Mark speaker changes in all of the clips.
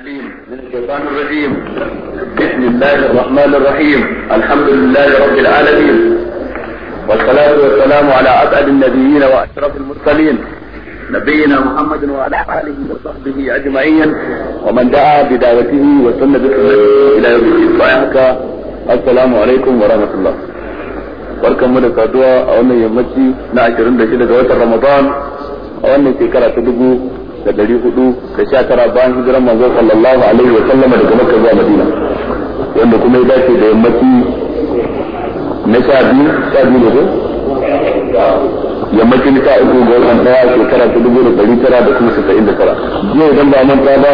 Speaker 1: التعليم من الشيطان الرجيم بسم الله الرحمن الرحيم الحمد لله رب العالمين
Speaker 2: والصلاة والسلام على أسعد النبيين وأشرف المرسلين نبينا محمد وعلى آله وصحبه أجمعين ومن دعا بدعوته وسنة بسنته إلى يوم الدين السلام عليكم ورحمة الله barkanmu من الدعاء أو wannan yammaci na 26 ga watan Ramadan a wannan da dari hudu da sha tara bayan hijiran manzo sallallahu alaihi wa sallama daga makka zuwa madina wanda kuma ya dace da yammaci na sha biyu sha biyu da yammacin sha uku ga watan daya shekara ta dubu da dari tara da kuma casa'in da tara jiya idan ba manta ba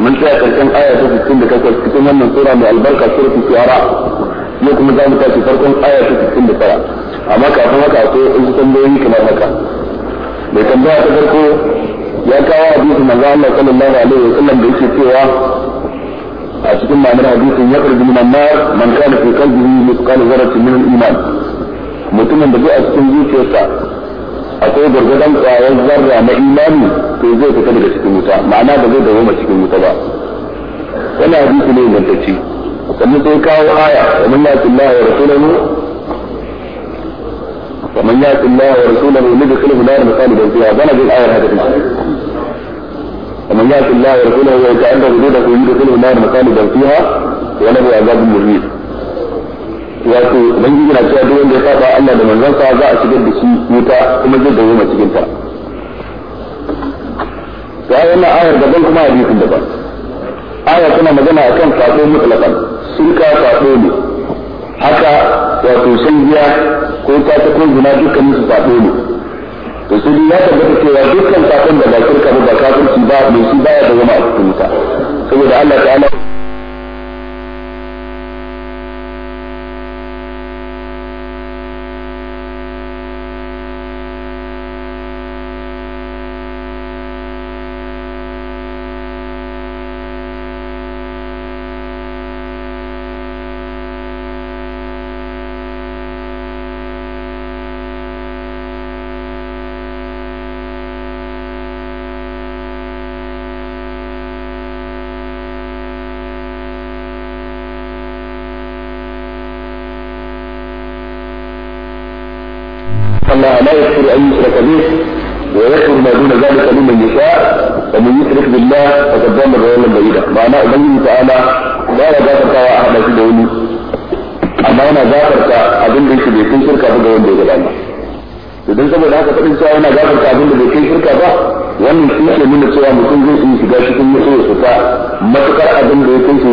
Speaker 2: mun tsaya karshen aya ta sittin da takwas cikin wannan sura mai albarka suratul shu'ara yau kuma za mu tashi farkon aya ta sittin da tara amma kafin haka akwai wasu tambayoyi kamar haka mai tambaya ta farko ya kawo hadisin manzo Allah sallallahu alaihi wasallam da yake cewa a cikin ma'anar hadisin ya karbi min nar man kana fi qalbihi mithqal zarrati min al-iman mutumin da zai a cikin zuciyarsa akwai gargadan kwayar zarra na imani to zai fita daga cikin wuta ma'ana ba zai dawo cikin wuta ba wani hadisi ne ce sannan sai kawo aya ومن يأت الله ورسوله ومن da الله ورسوله يدخله نارا خالدا فيها بلد الآية هذه ومن يعص الله ورسوله ويتعدى حدوده يدخله نار مخالدا فيها وله عذاب مهين wato ubangiji na cewa duk wanda ya saba Allah da manzansa za a shigar da shi wuta kuma zai dawo ma cikin ta ya wannan ayar zan kuma hadisin daban aya tana magana akan sako mutlaqan shirka sako ne haka wato shan biya ko ta ta ko zina dukkanin su sako ne to sai ya tabbata cewa dukkan kafin da ba shirka ba kafirci ba mai shi baya da zama a cikin wuta saboda Allah ta'ala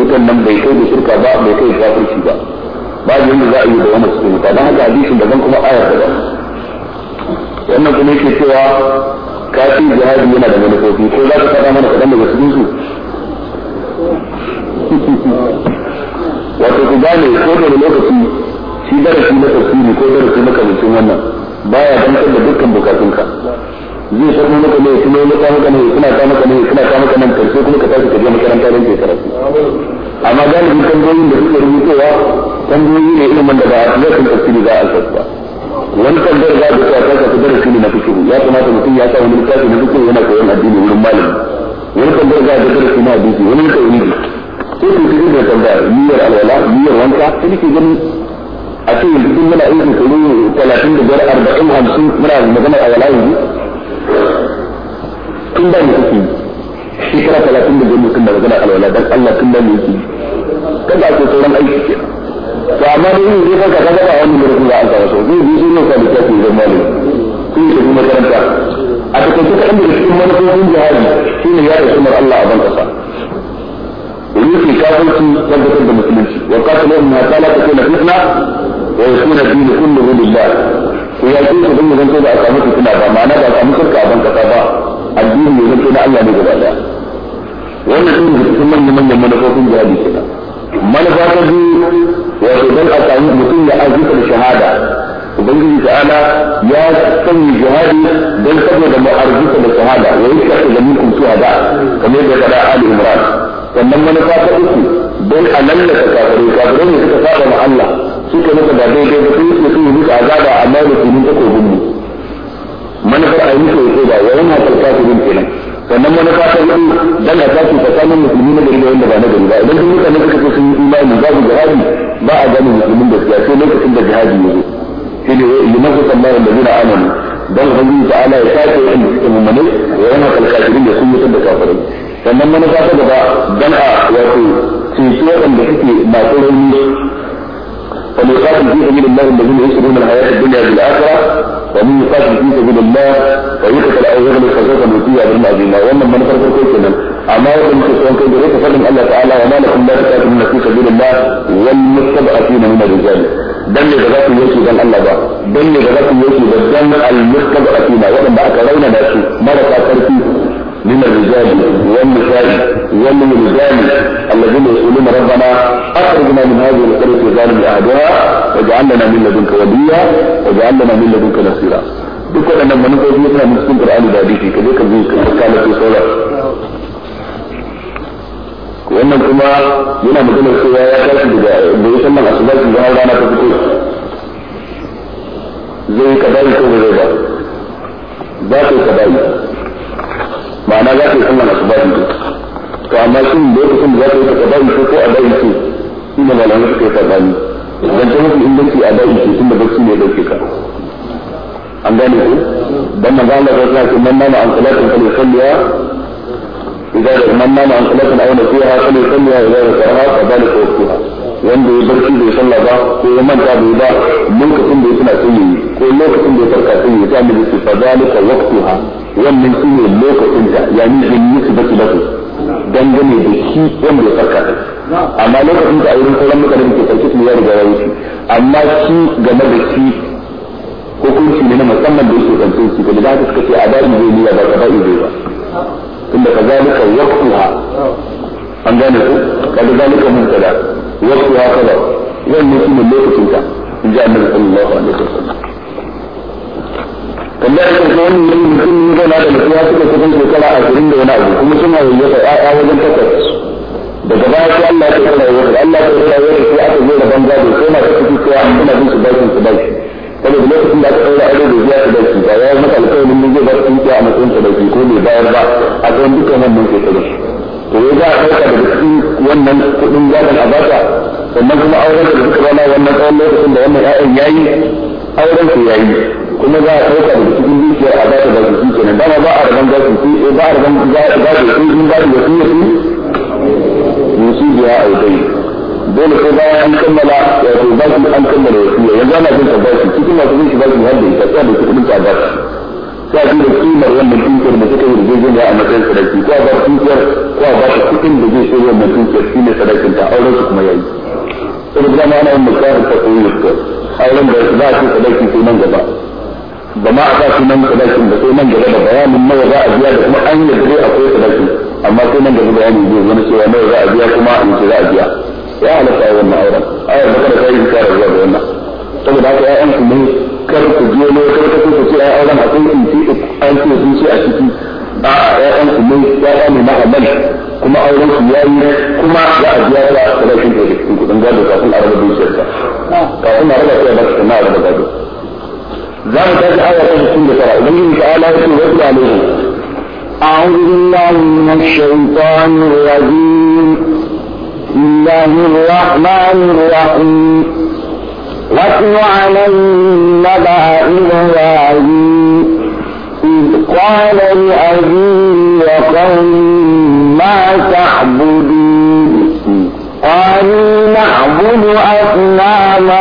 Speaker 2: shirkan nan bai kai da shirka ba bai kai da kafirci ba ba babu yadda za a yi da wani cikin ta dan haka hadisin zan kuma ayar da wannan kuma yake cewa kafi jihadi yana da manufofi ko za ka faɗa mana kaɗan daga cikin su wato ku gane ko da lokaci shi darasi na tafsiri ko darasi na kamancin wannan baya dantar da dukkan bukatunka zai shafi maka ne kuma ya kawo maka ne suna kawo maka ne suna kawo maka nan karshe kuma ka tashi ka je makaranta don ke karatu amma galibin tambayoyin da suke rubutowa tambayoyi ne ilimin da ba zai kan tafsiri za a ba wani tambayar za a ta ka fi darasi ne na fikiru ya kamata mutum ya sa wani littafi na fikiru yana koyon addini wurin malami wani tambayar za a ta darasi na addini wani ka yi ne ko su cikin da tambaya niyyar alwala niyyar wanka sai nake ganin a ce yanzu muna yin shekaru talatin da biyar arba'in hamsin muna magana a yanzu tun da ne kake yi shekara talatin da biyar mutum da magana alwala dan Allah tun da ne yake yi kada ake sauran aiki ke to amma dai yin zai ka kaga ba wani mutum da aka wasu zai bi sun yau da kake da malami kun yi tafi makaranta a takaice kaɗan da cikin manufofin jihadi shi ne yada sunar Allah a ban ƙasa ويوفي كافرتي tabbatar da musulunci wa qataluhum ma qala takuna fitna wa yakuna dinu kulluhu lillah ko ya ce su dinga zanto da aka mutu suna ba ma'ana ba a mutu ka ban kasa ba addini ne zai na Allah ne gaba daya wannan shi ne cikin manyan manyan manufofin jihadi kenan manufa ta biyu wato dan a mutum ya azuka da shahada ubangiji ta'ala ya sanya jihadi dan saboda mu arzuka da shahada wa yake da minkum shuhada kamar da kada Ali Imran sannan manufa ta uku don a lallata kafirai kafirai ne suka saba ma Allah suka masa da daidai ba sai su yi musu azaba amma da su ta takobin mu manufa a yi musu yake ba wa yana kalkafi bin kenan sannan manufa ta yi dan a tashi tsakanin musulmi na gari da ba na gari ba idan duk mutane suka ce sun yi imani babu jihadi ba a gane musulmin gaskiya sai lokacin da jihadi ya zo shi ne yi masu tsammanin da zina amanu dan ubangiji ta'ala ya sake yin da suke mummune wa yana kalkafirin da sun mutar da kafirai sannan manufa ta gaba dan a wato cece wanda suke masu rauni ومن يقاتل في سبيل الله الذين يسرون الحياة الدنيا بالآخرة ومن يقاتل في سبيل الله ويقتل أو يغلب خسوة نوتية بالمعزيمة وأما من فرق كويسنا أما يقوم كسوان كي بريك فضل الله تعالى وما لكم لا تقاتلون في سبيل الله والمستضعفين من الرجال دم غلط يوسف دم الله بقى دم غلط يوسف دم المستضعفين وأما أكرون ناسي مرة تركي من الرجال والنساء ومن الرجال الذين يقولون ربنا أخرجنا من هذه القرية الظالم لأعداء واجعلنا من لدنك وليا واجعلنا من لدنك نصيرا بكل أن من قضيتنا من سنة القرآن بعديك كذلك الزيك الحكامة في صلاة وأنا كما ينا مدن الخيارة كالك بيسمى الأصدار في جهاز عنا تبكير زي كذلك كبالي باقي كبالي ma'ana za ka yi sallah masu bayi ne to amma shi ne lokacin da za ka yi ta bayi ko a bayi ce shi ne malamai suka yi sabani don ta mafi inganci a bayi ce tunda bacci ne ya dauke ka an gane ku don na Allah ya sa kin manna na salatu kan yusalliya idan idan wanda barci bai sallah ba ko ya manta bai ba lokacin da ya tana yi ko lokacin da ya farka ta fa wannan shi ne lokacin da ya ni in musu baki baki dangane da shi wanda ya farka da amma lokacin da a yi sauran mutane da ke farki su ya riga ya wuce amma shi game da shi hukunci ne na musamman da yake zance shi da da suka ce a da'i zai niyya ba kaba'i zai ba tunda ka zalika ha an gane ku kada zalika mun kada waqtuha kada wannan shi ne lokacin ka in ji annabi sallallahu alaihi wasallam wallahi da kuma wani yin mutum ne zai na da mutuwa suka kusan shekara ashirin da wani abu kuma suna yayyata ƴaƴa wajen takwas daga baya sai Allah ya tsara yayyata Allah ya tsara yayyata sai aka zo da banza da sai na tafi cewa muna bin su bakin su baki saboda lokacin da aka ɗaura aure da zuwa su baki ba ya maka alƙawarin mun zai bar tsinke a matsayin su baki ko bai bayar ba a tsawon dukkan wannan shekaru to ya za a ɗauka daga cikin wannan kuɗin gadon a baka sannan kuma auren da suka zama wannan tsawon lokacin da wannan ƴaƴan yayi auren ku yayi kuma za a ɗauka da cikin dukiyar a bata da su kenan dama ba a raban gasu su ba a raban gasu su in ba da su yasu yasu biya a yi dole sai bayan an kammala wato ba su an kammala wasiya yanzu ana jin tabbaci cikin masu bin shi ba su hadda ita sai da kuɗin ta ba ta ji da kimar wannan dukiyar da take yarjejeniya a matsayin sadaki ko ba dukiyar ko ba ta kuɗin da zai shirya wannan dukiyar shine sadakin ta auren su kuma yayi saboda dama ana yin musafir ta koyi auren da za a ce sadaki sai nan gaba ba ma a sa sunan sadakin da sai nan gaba da bayanin nawa za a biya da kuma an yi dai akwai sadaki amma sai nan gaba bayanin zai zama cewa nawa za a biya kuma in ce za a biya ya halatta a wannan auren ayar da kada kai ka rabuwa da wannan saboda haka ya'yan ku ne kar ku je ne kar ka ku ce ai auren akwai in ce an ce sun ce a ciki a ya'yan ku ne ya'ya ne na halal kuma auren su yayi kuma za a biya ta rashin da cikin kudin gado kafin a raba dukiyar ta kafin a raba ta ba ta na gado za mu tafi aya ta 69 idan yin ta'ala ya ce wasu alaihi أعوذ بالله من الشيطان الرجيم بسم الله الرحمن الرحيم واتل عليهم نبأ إبراهيم إذ قال لأبيه وقومه ما تعبدون قالوا نعبد أصناما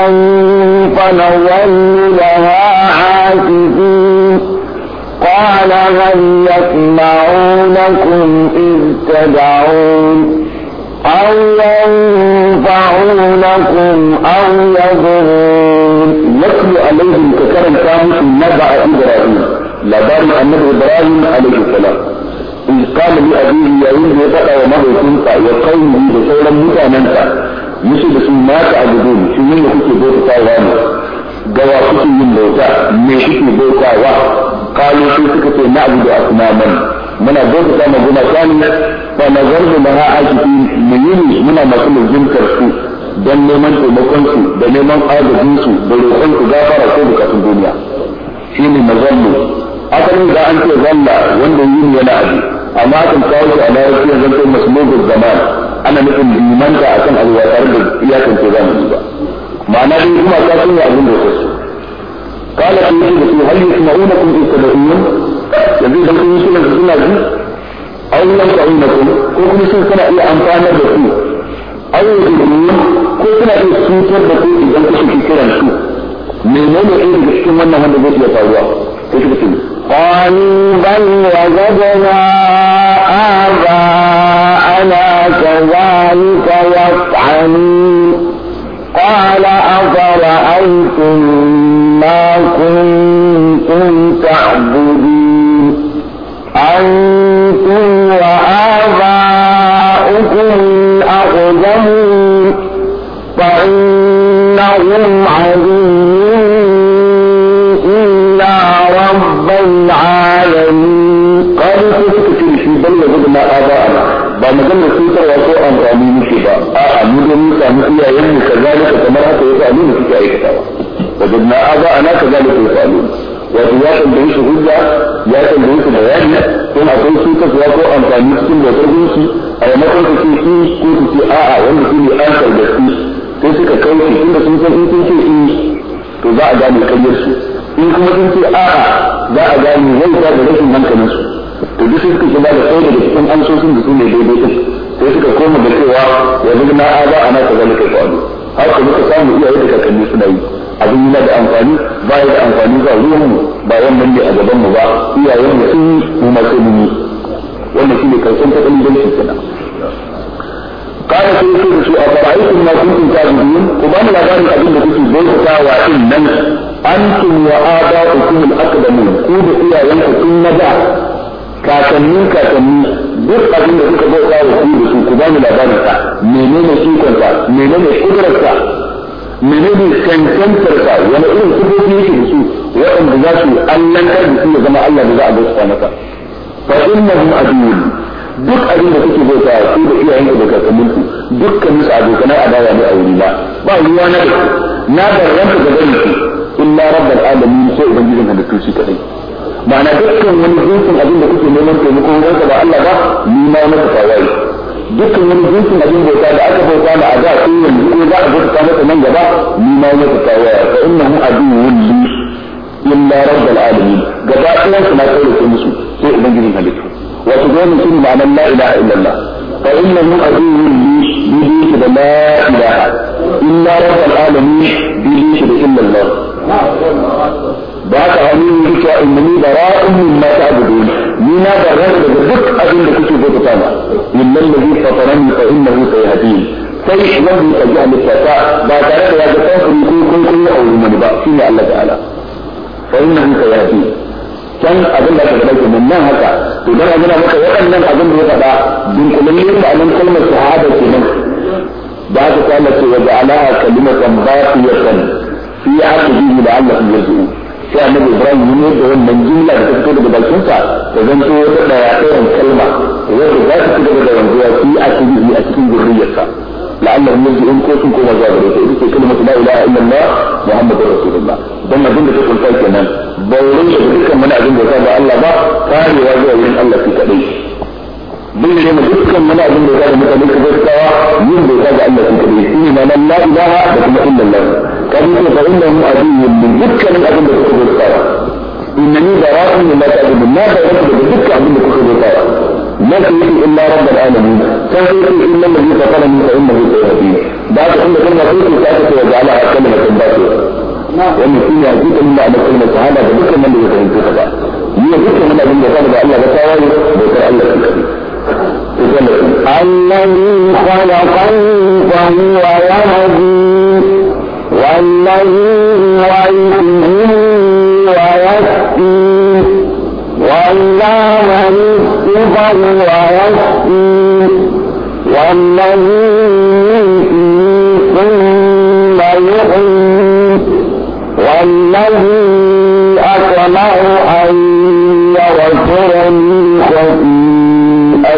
Speaker 2: فنظل لها عاكفين قال هل يسمعونكم إذ تدعون أو ينفعونكم أو يضرون يتلو عليهم ككرم كامل نبع إبراهيم لبارك النبي إبراهيم عليه السلام qala li abihi yayin da ya faɗa wa mahaifinsa ya kauni da sauran mutanensa yace da su ma ta abudu shi ne kuke bautawa ne ga wa kuke yin bauta me kuke bautawa kalu su suka ce na abudu asnaman muna bauta ma goma kani fa nazartu maha akifi muyini muna masu mujintar su dan neman taimakon su da neman agajin su da roƙon su gafara ko bukatun duniya shine mazallu asalin da an ce zalla wanda yin yana abu amma kan kawo shi a zan yanzu masu mugun zaman ana nufin limanta akan abu ba tare da iyakan ko yi ba ma'ana dai kuma ta sun yi abin da ya so kala sun yi da su kuma hal yasma'unakum in tad'un yanzu idan kun yi sunan suna ji una kun ko kuma sun suna iya amfanar da su aw yadurun ko suna iya sutar da su idan kuka kiran su menene irin da cikin wannan wanda zai iya faruwa ko kuka قالوا بل وجدنا آباءنا كذلك يفعلون قال أفرأيتم ما كنتم تعبدون أنتم وآباؤكم أقدمون فإنهم عدو العالمين قالوا في ba maganar cutar wato amfani muke ba cikin da gurbinsu a yamakon su to za a gane in kuma sun ce a'a za a gane ta da rashin hankalin su to duk sai suka shiga da sai daga cikin amsoshin da su ne daidai din sai suka koma da cewa wa zugna aza ana ka zalika fa'alu har ka muka samu iyaye da kakanni suna yi abin yana da amfani ba ya da amfani ga ruwan mu ba wannan ne a gaban mu ba iyayen mu sun yi mu ma sai mun yi wannan shine karshen tattalin banki kenan قال sai yake da su a fara fara'aikun ma kuntum ta'budun ku ba mu labarin abin da kuke bautata wa din nan antum wa aba'ukum al-aqdamun ku da iyayenku kun maza kakannin kakanni duk abin da kuka bauta wa ku da su ku bani labarin sa menene ikon sa menene kudrar sa menene cancantar sa wani irin sifofi yake da su za su da su zama Allah da za a bauta masa duk abin da kuke bauta wa ku da iyayenku da kakanninku dukkan su abokan adawa ne a wurina ba ruwa na da na barranta da zan illa rabbal alamin sai ubangijin halittu shi kadai ma'ana dukkan wani jinsin abin da kuke neman taimako wajen ba Allah ba ni ma masa tawaye dukkan wani jinsin abin bauta da aka bauta da ada ko yanzu ko za a bauta masa nan gaba ni ma masa tawaye fa innahu aduwwun li illa rabbal alamin gaba ɗayan su na kaurace musu sai ubangijin halittu wato gwamnati shine ma'anar la ilaha illallah فإنه عدو لي بليك لا إله إلا رب العالمين بليك إلا الله ba ka hannu ne cewa innani da ra'un min ma ta'budun ni na da ran da duk abin da kuke bauta ba innal ladhi fatarani fa innahu sayhadin sai wanda ya ji alƙata ba tare da ya ga kafiri ko ko ko a wurin wani ba shine Allah ta'ala fa innahu sayhadin can abin da ka gaba ke mun nan haka idan an nuna maka waɗannan abin da ya faɗa dunkulallin ma'anin kalmar shahada kenan
Speaker 1: da haka ta ce wa ja'alaha kalimatan baqiyatan
Speaker 2: sai annabi ibrahim yi ne da wannan jimla da ta fito daga bakinsa ta zanto wata daya ɗayan kalma wadda za ta fito daga wanzuwa fi a cikin a cikin zurriyarsa la'allahu in ko sun koma zuwa gare ta ita ce kalmatu la ilaha illallah muhammadur rasulullah dan abin da ta kunsa kenan ba wurin da dukkan wani abin da ya ba Allah ba karewa zuwa wurin Allah shi kadai bayyane mu dukkan wani abin da zai mutane ka gaskawa yin bauta ga Allah kan kadai shine ma nan la ilaha da kuma illallah kadai ko fa innahu aduwwun min dukkanin abin da kuka gaskawa innani bara'un min ma ta'budun na da ranku da dukkan abin da kuka gaskawa ما تريد الا رب العالمين تريد الا الذي فطرني فانه سيهدين بعد ان كلمه قلت ساعتك وجعلها كلمه باطله وان فيها جزء من معنى كلمه هذا بذكر من يفهمك هذا هي ذكر من ابن الله تعالى الله تعالى ذكر الله في الذي خلقني فهو يهدي والذي يعيشني ويسقي والله يسقي ويسقي والذي يميتني ثم يحيي والذي أطمع أن يغفر لي خطيئتي يوم الدين Allah da yake yi na shi kaɗai wanda za a da ɗaya daga cikin zama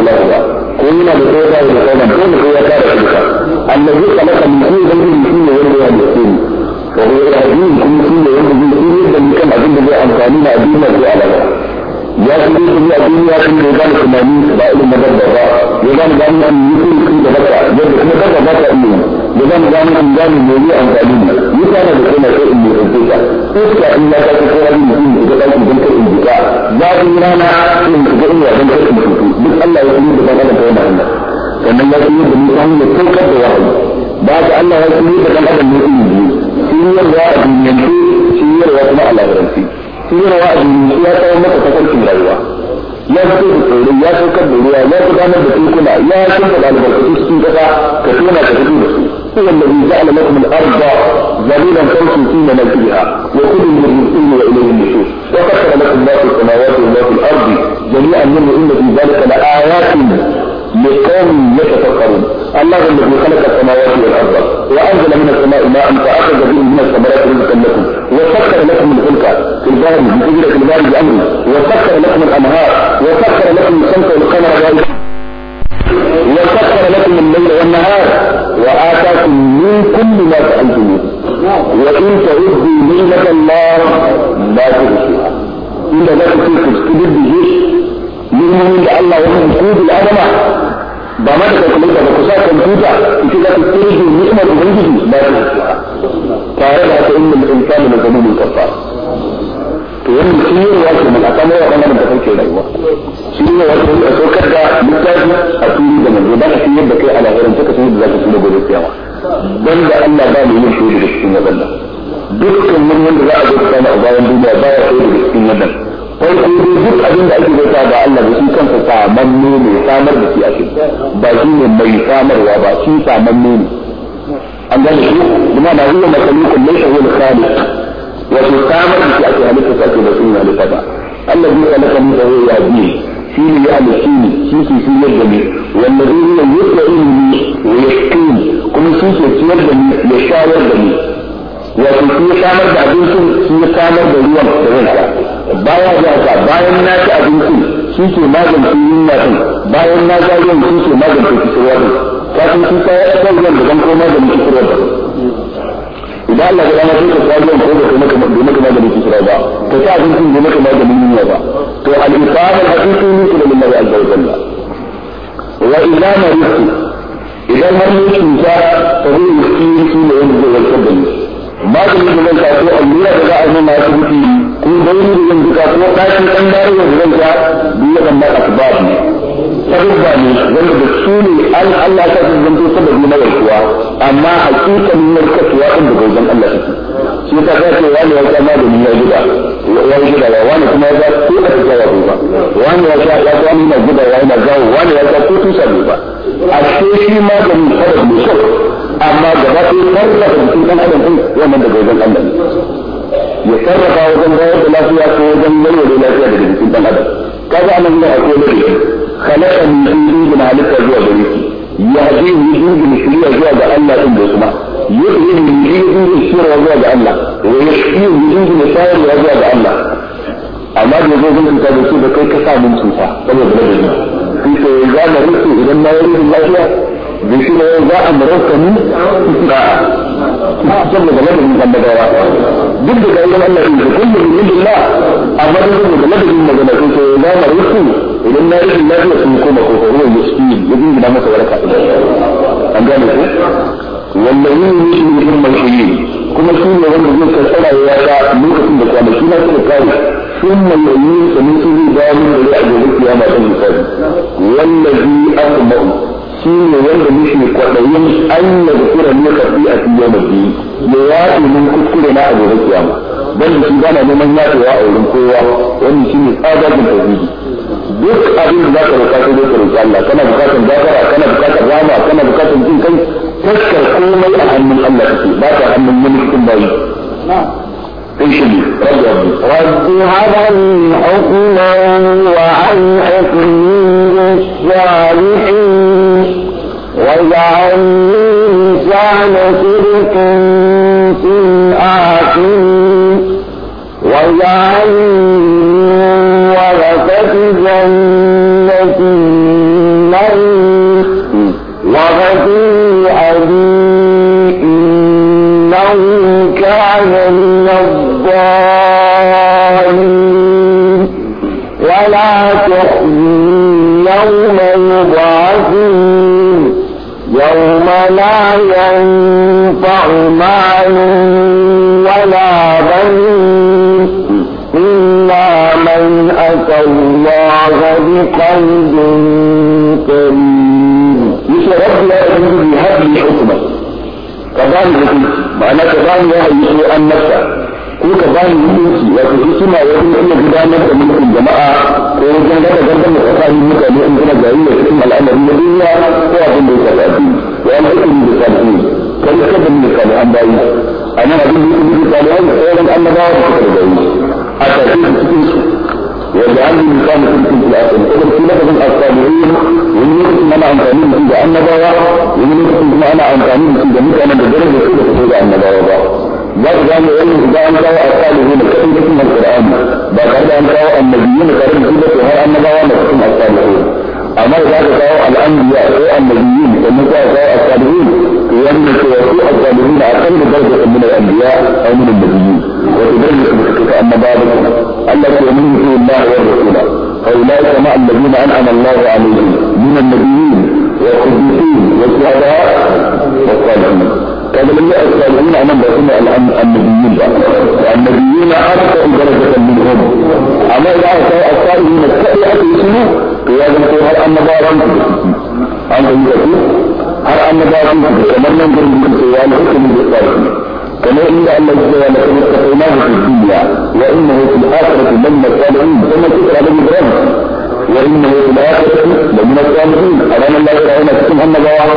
Speaker 2: ilahi ba ko yana da ɗaya da sauran ko da ya kare shi ka yi shi ne wanda ya yi shi ne da kan abin da zai amfani na addinin ko ya ce zai tafi a duniya sun da ya gane tunani ba irin na dabba ba ya gane gane an yi kun kun da baka yadda kuma dabba ba ta iya ya gane gane an gane me ne amfani ne yi ta na da kai na yi in mai ɗauke ka in ya ta kai yi mutum da ga ɗauki don kai in jika zafin rana in ka ga yi don kai in mutu duk Allah ya kuma da ban adam ta yana Allah sannan ya yi da mutum ya kai ka da wahayi ba ka Allah ya yi da ban adam ne in yi shi yarwa a duniyance shi yarwa kuma a yana wa'azi ya kawo maka tafarkin rayuwa ya fito da tsoro ya saukar da ruwa ya gudanar da tekuna ya shirka da albarkatu cikin kasa ka tona ka fito da su هو الذي جعل لكم الارض ذليلا فامشوا في منازلها وكلوا من المسلمين واليه النشور وسخر لكم ما في السماوات وما في الارض جميعا منه ان في ذلك لايات لقوم يتفكرون الله الذي خلق السماوات والارض وانزل من السماء ماء فاخذ به من الثمرات رزقا لكم وسخر لكم الفلك في البحر اجل البحر بامره وسخر لكم الانهار وسخر لكم الشمس والقمر وسخر لكم الليل والنهار واتاكم من كل ما تحبون وان تعدوا نعمه الله لا تحصوها إلا ذلك تجد به
Speaker 1: يؤمن الله وهم وجود الأدمة ba ma da kalkulun ba ku sa kwamfuta ita za ta kirgin ni'imar ubangiji ba ta tare da haka innal
Speaker 2: insani la zalumun kafar to wannan shi ne ya ce mun akamar wa kana da kake rayuwa shi ne ya ce a saukar da littafi a turi da manzo da shi yadda kai alahirin da san yadda za ka tsira gobe kiyama dan da Allah ba mu yin shi da cikin wannan dukkan mun wanda za a zo kana a bayan duniya ba ya da cikin wai in duk abin da ake bauta ba Allah da shi kansa samanne ne samar da shi ake ba shi ne mai samarwa ba shi samanne ne an gane shi kuma na huwa makalukun laisa huwa al-khaliq wato samar da shi ake halitta ta ke da sunna da ta ba Allah zai halaka mu da ya biye shi ne ya alƙini shi ne shi yadda ne wanda zai yi yadda ilimi wa yasƙini kuma shi ke ciyar da ni ya shayar da ni wato shi ya samar da abincin shi ya samar da ruwan da zan baya da bayan na ci abincin shi ke magance yunwa din bayan na ga ruwan shi ke magance kisirwa din ka shi ka yi ruwan da zan ko magance kisirwa din idan Allah ya dama sai ka sa ruwan ko da maka bai maka ba ka ci abincin bai maka magance yunwa ba to al-ifad al-haqiqi ni kullu lillahi wa ila maritu idan har ne cuta ta zai yi shi ne wanda zai warkar da ni maganin da zan kaso allura da za a nuna asibiti ko da wani da yanzu kuma ɗakin ɗan dare yanzu zan ta biyu kan ba asbab ne sababba ne wanda da su ne an Allah ta san zanto sababi na warkuwa amma hakikanin warkatuwa ɗin da gauzan Allah take shi ta ka ce wani ya kama da niyyar gida ya yi gida wani kuma ya ga ko da ta yawo ba wani ya sha ya wani na gida ya na gawo wani ya ga ko tusa ne a ce shi maganin sabab ne sau amma gaba ɗaya sarrafa jikin ɗan adam ɗin wannan da gauzan Allah ne ya sarrafa wajen bayar da lafiya ko wajen yayyace lafiya daga jikin dan adam kaga anan ne akwai da shi khalaqa min dindin halitta zuwa gare shi yahdihi min dindin shiriya zuwa ga Allah din da kuma yuhdihi min dindin shiriya zuwa ga Allah wa yahdihi min dindin shari'a zuwa ga Allah amma da zai zai cuta da su da kai ka sa mun cuta saboda da ne sai sai ya ga rufe idan na yi lafiya da shi ne za a marauka ni da saboda ladabin gambadawa duk da kayan Allah in da kullum billah amma da saboda ladabin magana sun sai za mu rufu idan na rufe lafiya sun koma ko ko ruwan yaski ya gina masa waraka an gane ko wallahi ne shi ne kuma shi kuma shi ne wanda zai karɓa ya ga lokacin da kwanaki na suka kare ثم يؤمن فمثل ذلك إلى أجل القيامة المثال والذي أطمع shine wanda muke kwaɗayin an yi zukura ne ka fi a fiye da biyu ya yaɗe min kuskure na a gobe kiyama don da shi gana neman yaɗewa a wurin kowa wani shine ne tsadajin tauhidi duk abin da za ka roƙa sai dai ka roƙi Allah kana buƙatar gafara kana buƙatar rama kana buƙatar jin kai taskar komai a hannun Allah kake ba ka hannun wani cikin bayi رب هب لي حكما وعن حكمي الصالحين وجعل الإنسان في الآخرين وجعل من ورثة جنة لا ينفع مال ولا بنون إلا من أتى الله بقلب كريم حكمة معنى أن نفسه ko ka ba ni iya gudanar da mulkin jama'a ko wajen gada gardama tsakanin mutane in kuna jayayya cikin al'amarin na duniya ko abin da ya والعلم بالصالحين كالكذب بالصالحين بعيد أنا أقول لكم بالصالحين أولا أن بعض الكذب بعيد أتكلم في وجعلني من كان كنتم في الأصل إذا في لفظ الصالحين ومن يكتم أنا عن قانون عند أن ضايع ومن يكتم أنا عن قانون عند مثل أنا بدرجة كده تقول أن ضايع لقد قال يقول إذا أن ضايع الصالحين كثير من القرآن بقى أن ضايع النبيين كثير كده وهل أن ضايع من الصالحين أما ذلك سواء الأنبياء النبيين وإنك كانوا الصالحين وأنك سواء الصالحين أقل درجة من الأنبياء أو من النبيين وتدرج بحقك أما بعدك التي يؤمن فيه الله والرسول فأولئك مع الذين أنعم الله عليهم من النبيين والقديسين والشهداء والصالحين كان من الصالحين أمام الله النبيين النبيين أكثر درجة منهم أما إذا كانوا الصالحين السيئة يسموه to ya zanto har annabawan su an yi da su har annabawan su kamar nan gurin da ke ya nufi da كما إن الله جل وعلا قد في الدنيا وإنه في الآخرة لمن الصالحين ثم ذكر عليه إبراهيم وإنه في الآخرة لمن الصالحين أمام الله تعالى كتب أن الله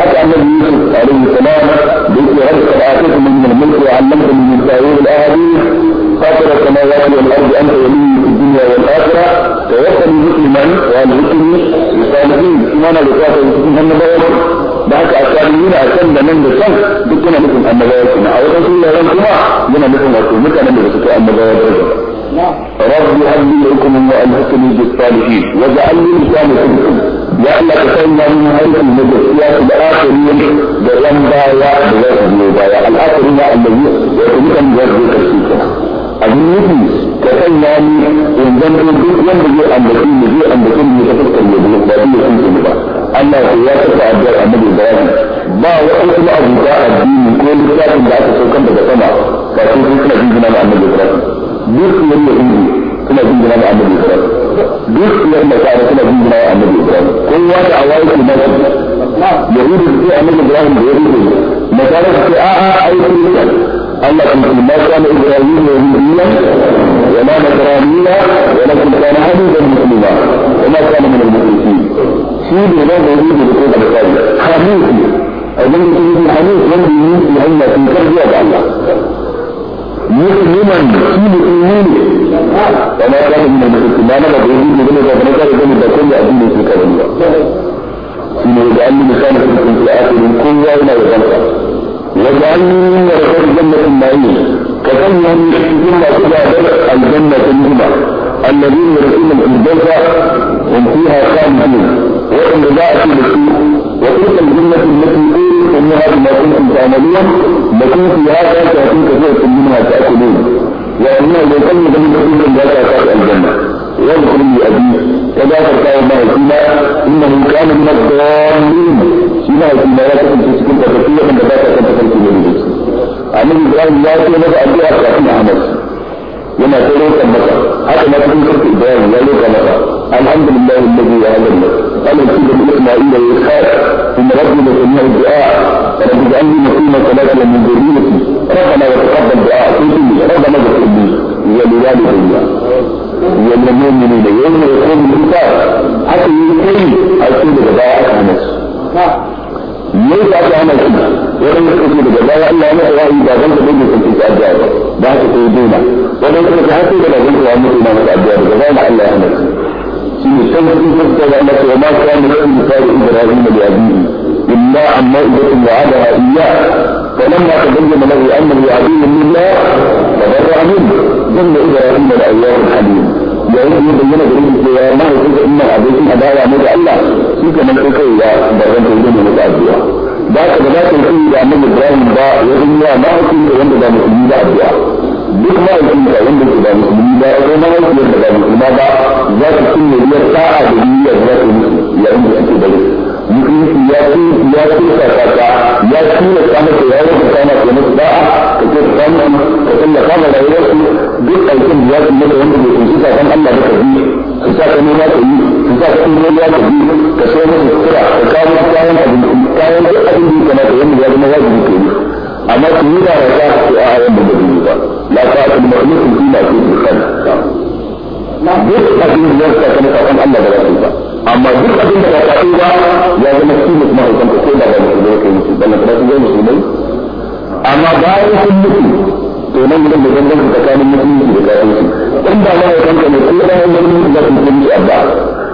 Speaker 2: حتى أن يوسف عليه السلام بإذن ربك الآخرة من الملك وعلمته من تأويل الأحاديث فاطر السماوات والأرض أنت ولي في الدنيا والآخرة توصل بذكر من والذكر الصالحين إمانا بكاته يتكون هم بواكم بعد الصالحين أسان من بالصنف بكنا لكم أما بواكم أو رسول الله لكما لنا لكم أكون مكانا لكم أما بواكم رب هب لكم أن والحقني بالصالحين وجعل لي لسان صدق لأن الله من هذه المجلسيات الاخرين بذنبا يا الاخرين الذي يتمكن من abin nufi ka sanya ni in zanto duk wanda zai ambaci mu zai ambaci ne ta fuskar mu ba zai san ba Allah ko ya saka addu'ar annabi Ibrahim ba wani kuma abu addini ko littafin da aka saukan daga sama ba sai sun kana jingina ma annabi Ibrahim duk wanda yake kuma jingina ma annabi Ibrahim duk wanda ka kuma jingina ma annabi Ibrahim kowa da awai ku ba yahudu sai annabi Ibrahim da yahudu masara sai a'a ai kun قال لكم ما كان إبراهيم يهوديا ولا نصرانيا ولكن كان حديثا مسلما وما كان من المشركين سيدي بلا يهود بقول الخالد حديث أظن سيدي الحديث من يمين في عنا في كرب الله
Speaker 1: مسلما شيء
Speaker 2: بإيمان وما كان من المشركين أنا بقول لك أنا بقول لك أنا بقول لك أنا بقول لك أنا بقول لك أنا بقول لك أنا بقول لك أنا بقول لك أنا بقول لك أنا بقول لك أنا بقول لك أنا بقول لك واجعلني من ورثة جنة النعيم ككلهم ثم تبادر الجنة منهما الذين يرثون الفردوس هم فيها خالدون وهم لا في وتلك الجنة التي أنها بما كنتم تعملون لكن في هذا تأتي كثيرة منها تأكلون وأنها لو كان من لا تأكل الجنة واذكر لي أبيك كذا تركاه مهتما إنه كان من الضالين شما في مراكز تسكن تفكية من كذا تكن تفكية من جسد عمل إبراهيم لا لك أبي أخاكم لما وما تلوك المسا حتى ما تكون شرط إبراهيم لا لك مسا الحمد لله الذي هذا المسا قال السيد اسماعيل والإسحاق إن ربنا لسميع الدعاء رب اجعلني مقيم ثلاثة من ذريتي ربنا وتقبل دعاء كل ربنا اغفر لي ولوالدي يوم مؤمنين يوم يقوم بالإنكار حتى يقيم الكون بجزاء أكهنس ليس أكهنس ولم يكن بجزاء إلا أن الله إذا ظلت منه في الأجاب ذات قيدونا ولم يكن حتى إذا ظلت عنه في نام الأجاب جزاء إلا أهنس في السنة في سبت لأنك وما كان لكم مثال إبراهيم لأبيه إلا عن موئبة وعدها إياه فلما تبين له أنه عدو لله تبرأ منه ثم إبراهيم الأيام wani yi bayyana garin da cewa ma yi kuka ina abokin adawa ne da Allah shi ka nan kai ya bayan da yake mai addu'a ba ka da zaka yi da annabi Ibrahim ba ya yi ya ma kun da wanda ba musulmi ba addu'a duk ma yakin da wanda ba musulmi ba ko ma yakin da ba musulma ba za ka ne riyar sa'a da niyyar da ta ya inda ake da musulmi ya ce ya ce ka ka ya ce ka masa ya yi ka masa da'a كتير خمس كتير خمس ليلاتي دول أيتين ليلات اللي هم اللي تنسيسها كان الله بكر دي تنسيسها كان الله بكر دي تنسيسها كان الله بكر دي كسيرة السرع كان كان كان أبن دي كما تهم ليلات مواجه دي كده أما تنينا رساك في أعلى مدريبا لا تعرف المخلوق فيما فيه الخلق duk abin da ya saka maka kan Allah da rasul ba amma duk abin da ka tafi ba ya amma bayan sun mutu to nan gidan da zan gani tsakanin mutunci da kafin su in ba ma yakan kanta ne ko da yan gani da su mutunci abba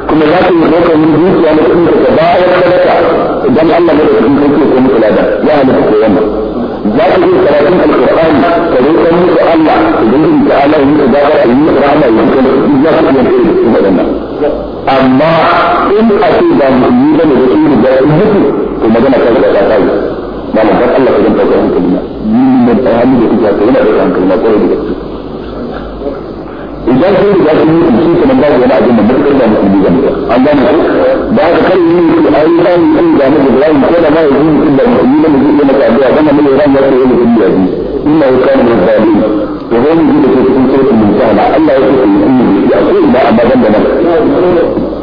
Speaker 2: kuma za ka yi ɗaukar min zuciya na kuɗin ka bayan sadaka idan Allah ne da kuɗin ka ke ko mutu lada ya halitta ko wannan
Speaker 1: za ka yi karatun alƙur'ani ka roƙar musu Allah idan ka ta Allah yi da ba yi musu rahama yi ka da kuɗi za ka
Speaker 2: yi da kuɗi waɗannan amma in a ce ba yi ba ne da su da su mutu to magana kan da ta kai malam dan Allah ka zanta kan kalma yin mun da hannu da kuka ta yana da kan kalma ko da kuka idan kun da kun yi shi kuma ba wani abin da mutum da mutum da an gane ko da haka kan yi ku ayi kan yi da mu da ran ko da ma yi mutum da mutum da mutum da mutum da dan mun ran ya ce yana da biya bi inna kana min zalim to zan yi da ke cikin surutun mutana Allah ya ce in yi ya ko da abadan da nan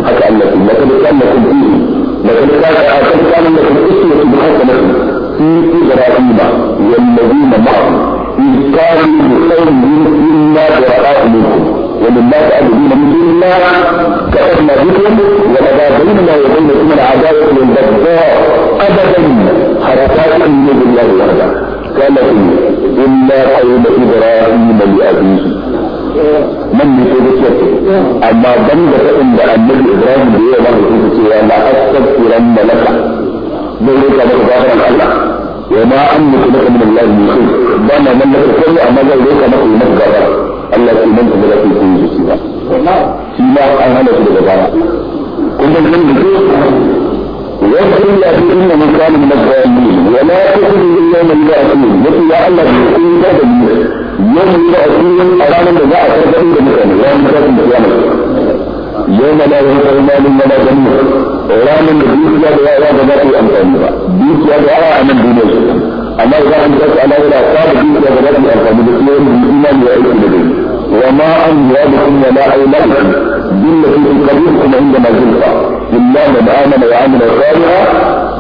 Speaker 2: haka Allah ya ce laqad kana lakum fi laqad kana lakum fi uswatun hasanah إبراهيم والذين معه إذ قالوا لقومهم إنا براء منكم ومما تعبدون من دون الله كفرنا بكم وبدا بيننا وبينكم العداوة والبغضاء أبدا حركات من الله وحده قال إلا قوم إبراهيم لأبيه من ne sai gaskiya ce amma ban da fa'in da annabi ibrahim da yawa ba su ce ya la astaghfiranna laka zai rika maka gafaran allah وما أملك لك من الله من شيء دعنا من لك كل أمل إليك نقل مكة الله في من تبدأ في كل سيما سيما أهلا في الغبارة كنت من ذكر وقل الله إن من كان من الظالمين ولا تخذ إلا من لا أسير مثل يا الله في كل هذا يوم لا أسير أرانا لذا أسير إلا مكان يوم لا أسير يوم لا ينفع مال ولا بنون اورام الدين لا دعاء ولا بنات ام تمرا دين لا دعاء ام بنون اما اذا انت على ولا صار دين لا بنات ام تمرا دين ايمان ولا بنون وما اموالكم ولا اولادكم دين في القبيل كما عند مجلسها الا من امن وعمل صالحا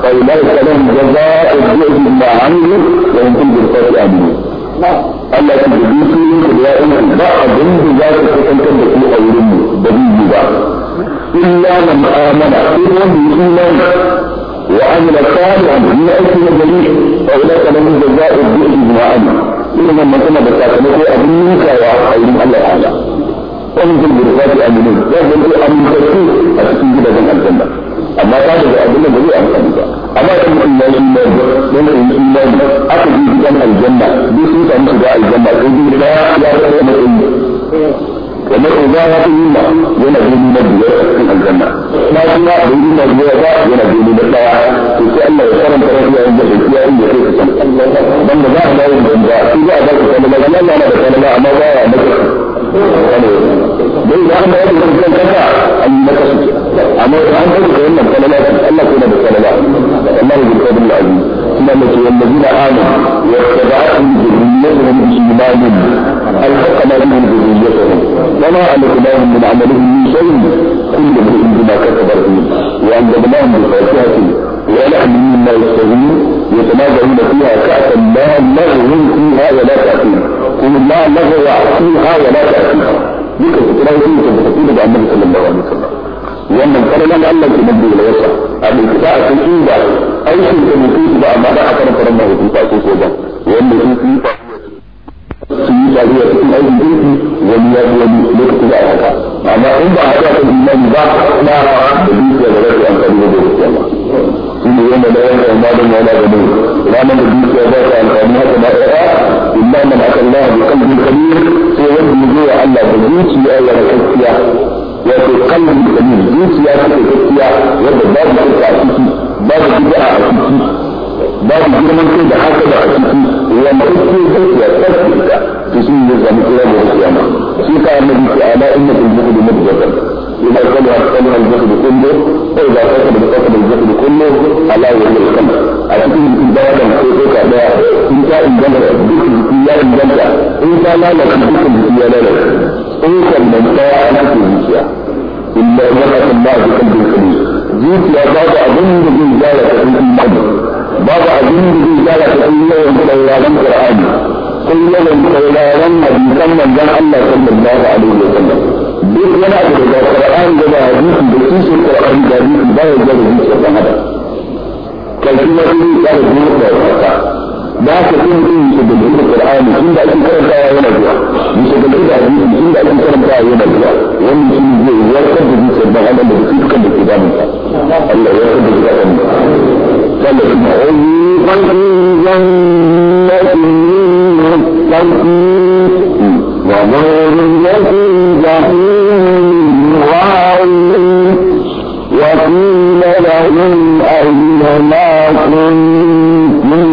Speaker 2: فاولئك لهم جزاء الجزء ما عملوا وهم في الفرق امنوا نعم. الله يجزيكم بلا ان لا اظن بذلك ان تملكوا النبي إلا من آمن إلا من إيمان وعمل صالحا من أجل الجليل فأولئك من جزاء البئر بما عمل إلا من كان بساكنه أبنك وأخير الله تعالى ومن كل بركات أمنون لكن في أمن تكتير أتكون جدا الجنة أما بعد الأدلة الذي أمسكها أما أن الله إيمان من الإيمان أخذ جدا الجنة بسيطة من الجنة كيف لا يعلم الإيمان ومن إضافة منا ينبغي من الدنيا من الجنة ما كنا بين الدنيا ينبغي من الدنيا وكأن يكرم تركيا عند الحكياء يكيف بل ذاك لا يمكن ذاك إذا أدرك فلما لا لا لا فلما أما ذا مكر بل ذاك ما يدرك من كذا أن مكر أما أن تدرك إن الفلما أن كنا بالفلما الله بالفضل العظيم ثم الذين آمنوا واتبعتهم ذريتهم بإيمان الحقنا بهم ذريتهم وما ألقناهم من عملهم من شيء كل امرئ بما كسب رهين وأنزلناهم بفاكهة ولحم مما يشتهون يتنازعون فيها كأسا لا لغو فيها ولا تأتي قل لا لغو فيها ولا تأثير ذكر القرآن كله تفصيل بأمر صلى الله عليه وسلم wannan farlan Allah ke nan من yasa a bai fita a cikin ba aikin da mutum ba في da aka karanta wannan hukunta tarayya cikin aikin jinsi wani ya wani lokacin da a amma in ba a haka kan imani ba na da dukiya da rafi amfani da dukiya ba shi ne wanda da yanka amma don yana da mu ranar da dukiya ba ta amfani haka ba ɗaya illa man aka Allah bi kalbi kabir sai wanda ya zo wa Allah da zuciya ya rakakkiya wato kalbi kabir zuciya ta kakkiya wanda babu ta a ciki babu bid'a a ciki babu girman kai da haka da a ciki lantarki da ya tsarki da ta shi ne zama kira da wasu yana ka yi mabi ki ala inna kun zuku da mabi zaka in ba kan ya kan ya zuku da kullu sai ba kan ya kan ya da kullu ala ya yi kan a cikin mutum da ya kan ko ko ka da in ka in gama da dukkan mutum ya in gama in ka lala da dukkan mutum ya lala in kan nan ta ya an kuke zuciya in ba ya kan ba zuku da kullu zuciya ba ta abin da zai gyara ta in ba بابا أجنبي قال كل يوم كلام القرآن كل يوم كلام مدينة من جن الله صلى الله عليه وسلم بيت لنا في القرآن جل عزيز بسيس القرآن جل عزيز بعض جل عزيز سبحان الله كلمة لي قال جل عزيز ما تكون في سبب القرآن من بعد أن كان قائما القرآن من سبب القرآن من بعد أن كان قائما بها ومن سبب القرآن من سبب القرآن من سبب القرآن الله يحب القرآن فادخلي في جنة المتقين وضرب في جحيم وقيل لهم أين ما كنتم من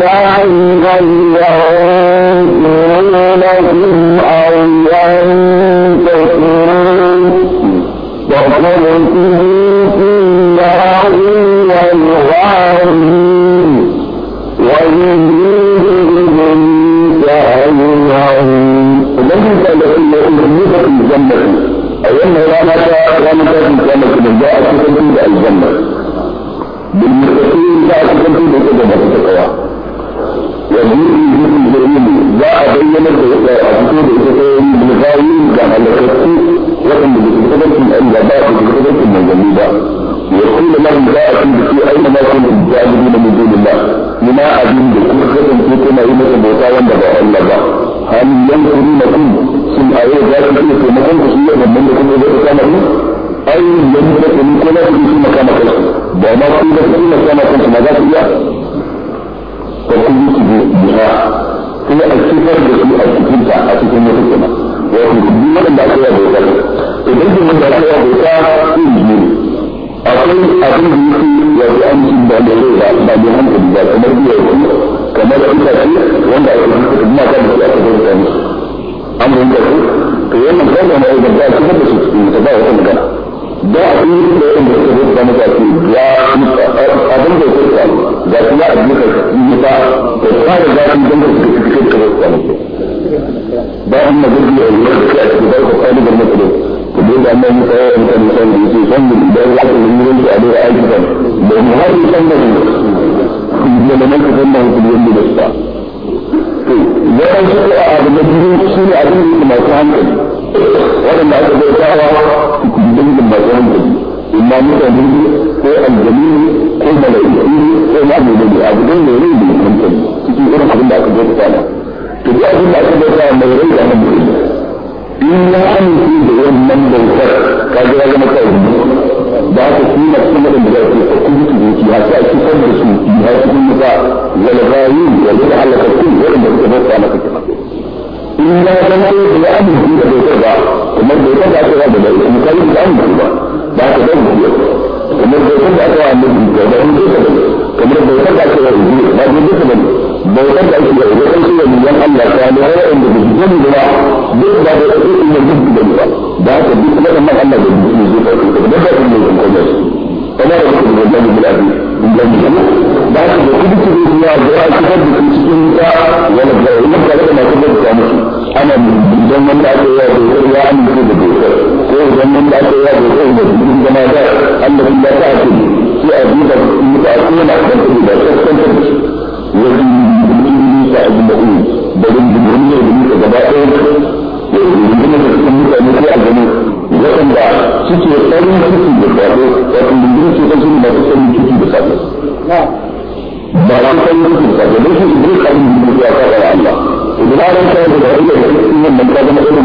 Speaker 2: دون الله هل عظيم ويجيب من جهل عظيم ومن قال ان امنيك في الجنه ايام رامك رامك في الجنه من جاء كتب الجنه بالمستقيم جاء كتب الجنه بالتقوى وجيب من الجريم جاء بين الكتب بالغاوين كان لكتب وكان بكتبه الانجابات بكتبه المجنبه وكل لهم لا في أين ما كنتم تعبدون من دون الله لما أبين بكل خدم في كما يمت بوتا وندبا إلا الله هل ينكرونكم سن آية ذلك في مكان تسوية من منكم إذا تسامحوا أي ينكركم كل تجي في مكان خلق وما قيل في مكان خلق ماذا فيها تقول بها هي الكفر بسوء الكفر أتكلم في كما ويقول بما أن أخيها بوتا إذا كنت أخيها sebagai lewat bagi hamba dibuat kemerdian da zama irin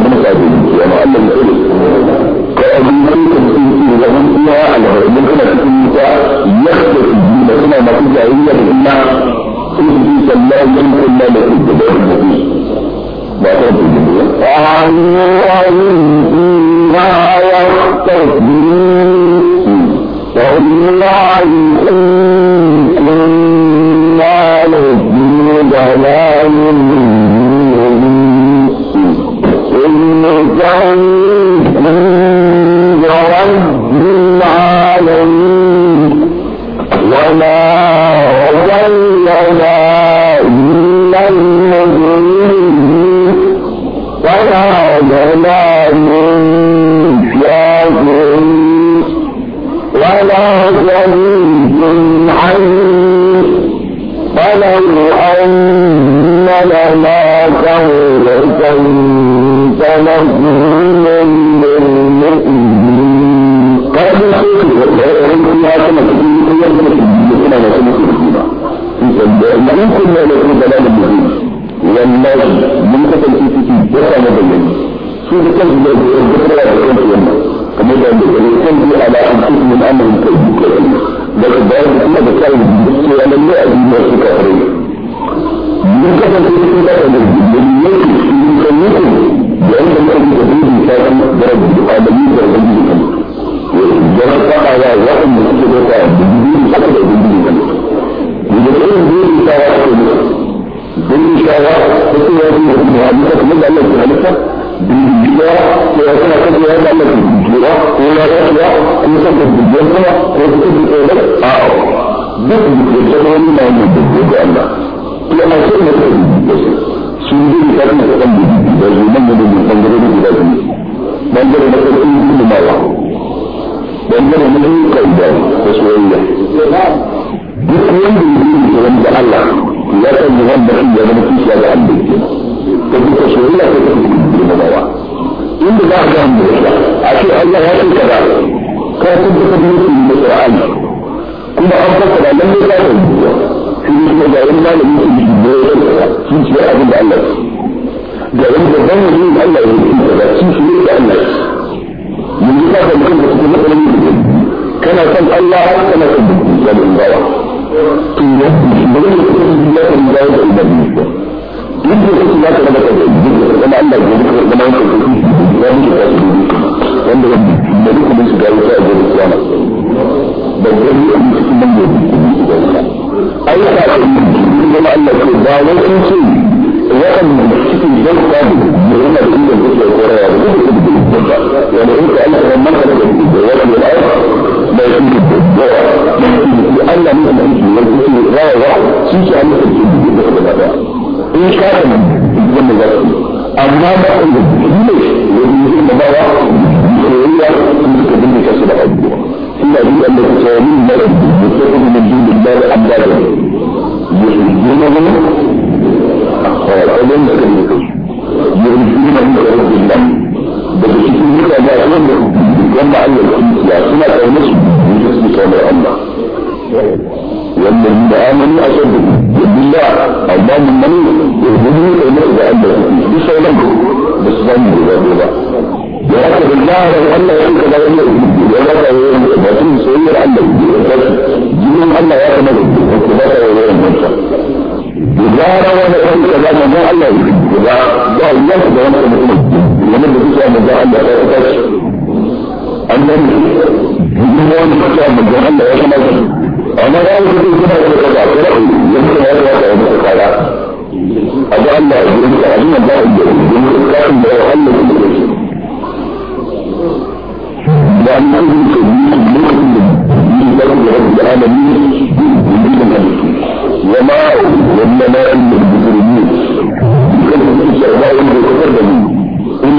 Speaker 2: suna da wanda wanda Allah ya suna da musu da su kamar Allah والذين آمنوا أشد بالله أمام من يهدون إلى إذا أمر بسولهم بس ذنب إذا بلا ولكن الله لو أن يلك لا يلك ولك بطن سوير أن يلك جنون أن يرمى وكذا يلك إذا روى لك لا مجال الله إذا جاء الله سبحانه وتعالى zaman da suke manzo Allah ya ta shi annan hidimomi da suke manzo Allah ya ta shi amma da wani kuma kuma da kaza ko da yanzu ya ta ta da kaza abu Allah ya yi ta annan da ya yi ta kan da Allah ya yi da annan da ke yi lokacin da yi da rabbi alamin yi da maliki wama wallana ilmin bikirmi kan da shi da wa'in da kafar da ni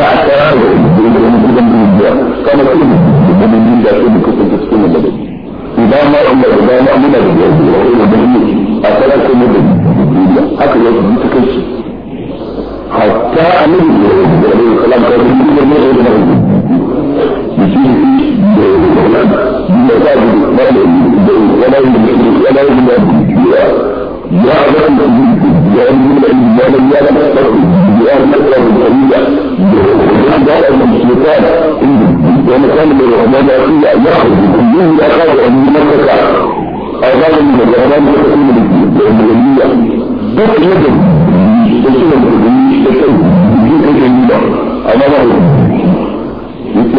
Speaker 2: da aka rarra ilimin da wani gudan duniya kama da ilimin da wani gudan da shi kusa da cikin da da ba ma wanda da ba ma muna da yau da wani da ne a kada ko mu da duniya haka ne da mutu kai shi hatta annabi ya yi da wani kalan ka da mutu da mutu da mutu يصير ولا يمكن ولا يمكن يعلم يعلم العلم ولا يعلم الصبر يعلم الصبر الجميع يعلم الشيطان ومكان من الرحمن الأخية يخرج كله لا خرج من مكة أعظم من الرحمن الأخية ذكر يدم يصير الجميع يصير الجميع أمامه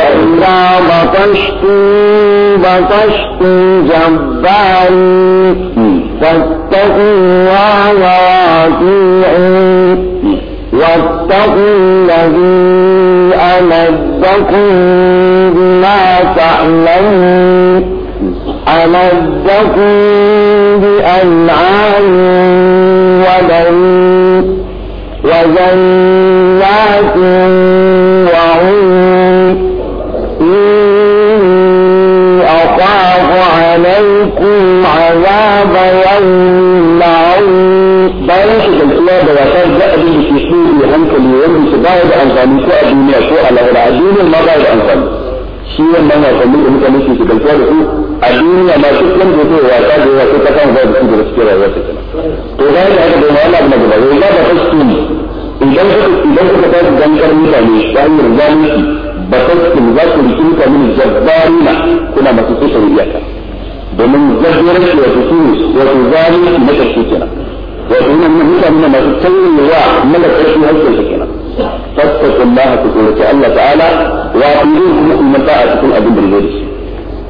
Speaker 2: فإذا بطشتم بطشتم جبارين فاتقوا الله وأطيعون واتقوا الذي أمدكم بما تعلمون أمدكم بأنعام وبنين وجنات وعيون أخاف عليكم عذاب يوم عظيم bayan shi kuma da wasa da abin da ke so ya hankali wanda su ba da amfani ko a duniya ko a lahira a duniyar ma ba da amfani shi wannan wasa da muka nufi su gamsuwa da su a duniya ma duk wanda zai wasa da wasa ta kan zai da su da suke rayuwa ta kenan to bayan da da ma'ana da gaba da fasu idan kuka idan kuka tashi dankar mutane ta hanyar zalunci ba taskin za ku riki mutane jabbarina kuna masu kusur iyaka domin jabbaranci wato su wato zalunci na karshe kenan wato yana mutane masu canyewa mala karshe harshen su kenan فاتقوا الله تقولك الله تعالى وأطيعوه متاع تكون أبو بالغير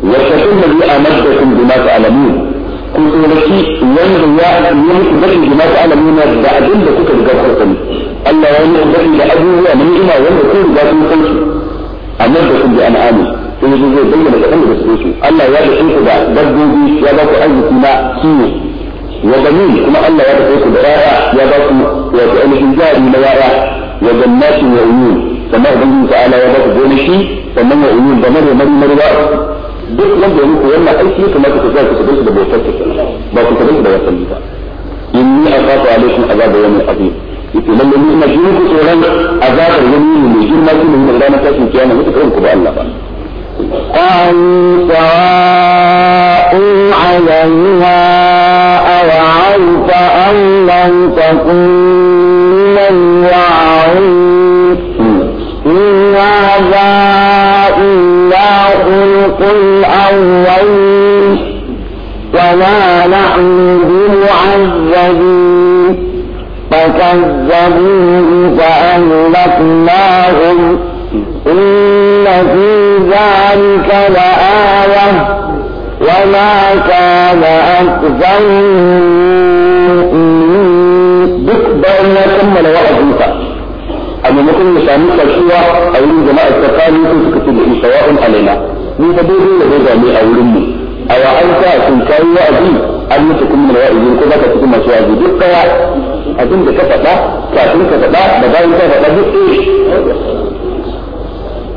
Speaker 2: واتقوا الذي أمدكم بما تعلمون ku tsoraki wanda ya yi muku bakin da masu alamuna da abin da kuka riga kuka sani Allah ya yi muku bakin da abubuwa na ni'ima wanda kun riga kun san su amma da kun ji an'ami sai zai zai bayyana kaɗan da su Allah ya da ku da dabbobi ya ba ku arziki na kiwo wa gamin kuma Allah ya da ku da yara ya ba ku wato ainihin jari na yara wa jannatin wa uyun sannan ubangiji ta'ala ya ba ku gonaki sannan wa uyun da mare mare mare ba duk wanda ya muku wannan aiki kuma ku tsaya ku tabbata da bautar ku ba ku tabbata da wasanni ba inni akhafu alaikum azab yawmin azim yake lalle ni ina jin ku tsoron azabar wani ne mai girma shi ne da ranar tashin kiyama mutu kan ku ba Allah ba قالوا سواء عليها أوعيت أم لم تكن من وعيت قل أولوا وما نحن بمعذبين فكذبوه فأهلكناهم إن في ذلك لآية وما كان أكثر duk bayan ya kammala wa'azinsa a maimakon ya sami karshuwa suka ce da shi alaina mu fa daidai ne a wurin mu a wa an sa sun kai wa'azi an mutu kun mun wa'azi ko baka cikin masu wa'azi duk daya abin da ka faɗa kafin ka faɗa da bayan ka faɗa duk
Speaker 1: ɗaya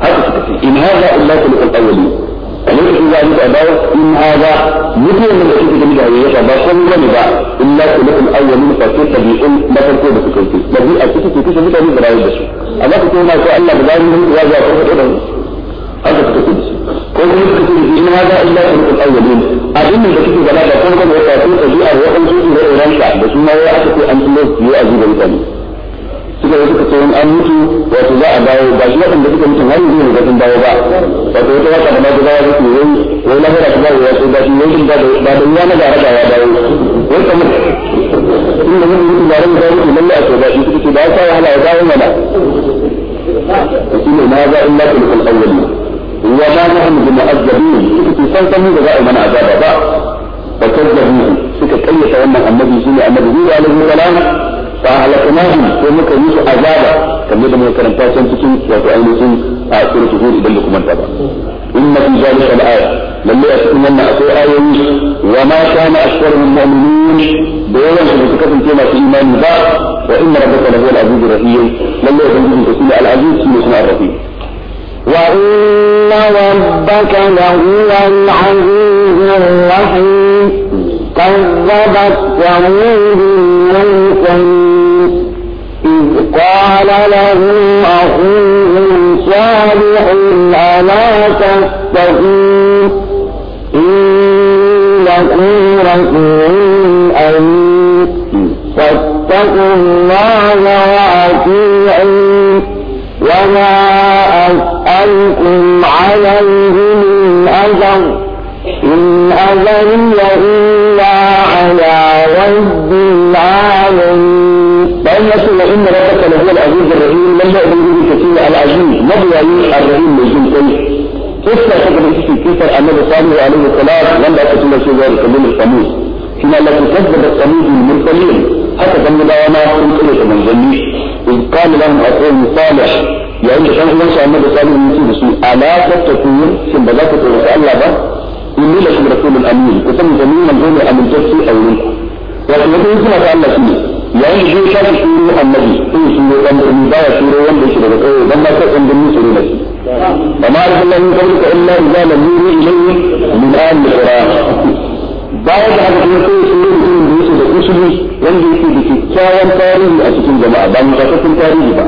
Speaker 2: haka suka ce in haza illa kullu al-awwali lokacin za a yi dawo in haza mutumin da suke gani ya yayyaka ba san gani ba illa kullu al-awwali fa sai tabi'un na farko da suka yi tabi'a suke kusa mutane da rayuwar da su amma kuma ma Allah da zai yi ya ga ko da aka fita ku shi ko kuma suka ce in ma za illa in kun awwalin a inda da kike gaba da kuma ta tuka zuwa wadan su da iran ka da su ma ya aka ce an tuno su a zuwa mutane suka yi suka ce in an mutu wato za a dawo ba shi wadanda suka mutu har yanzu ne ga sun dawo ba wato wata da maza ya ce wai wai na hada kuma ya ce ba shi ne ba da ba da yana da ya dawo wai kamar in da mutu ba ran da mutu lalle a ce ba shi suka ce ba ya sa wahala ya dawo mana shi ne ma za da kun awwalin wa ma nahnu bi mu'azzabin suka ce san san mu da za a mana azaba ba fa kazzabu suka kayyata wannan annabi shine annabi Nuhu alaihi salam fa halaknahu ko muka musu azaba kamar da muka karanta can cikin wato ainihin a suratul hud idan kuma ta ba inna fi zalika al-aya lalle a cikin wannan akwai ayoyi wa ma kana aktharuhum mu'minun da yawan su suka kasance masu imani ba wa inna rabbaka lahu al-azizur rahim lalle ubangiji shine al-aziz shine al-rahim وإن
Speaker 1: ربك لهو العزيز الرحيم
Speaker 2: كذبت ثمود المرسلين إذ قال له أخوه صالح ألا تتقون إنكم رسول أمين فاتقوا الله وأطيعوا وما أسألكم عليه من أجر إن أجري إلا على وجه العالمين بأن نسل إن ربك لهو العزيز الرحيم من لا أدري كثير العزيز نبي عليه الرحيم من جنسي كيف تكبر في كفر أن الرسالة عليه الصلاة لم لا في شيئا لكبير الصميم فيما لا تكذب الصميم المرتمين haka dan da wani sun kula da manzanni in qala lahum aqul salih yayin da a uwan sa da salihu ne da su ala tattakun shin ba za ku tsoro Allah ba inni lakum rasulun amin ku san da ni manzo ne amintacce a wurin ku wato yadda yake na Allah shi yayin da zai tashi turo annabi sai shi ne dan birni baya turo wanda yake daga kauye dan ma sai dan birni tsoro ne shi amma arsalna min qablika illa rijalan yuhi ilayhim min al-qura baya da haka kuma sai su yi mutum da yake da usuli wanda yake da kyakkyawan tarihi a cikin jama'a ba mutakakkun tarihi ba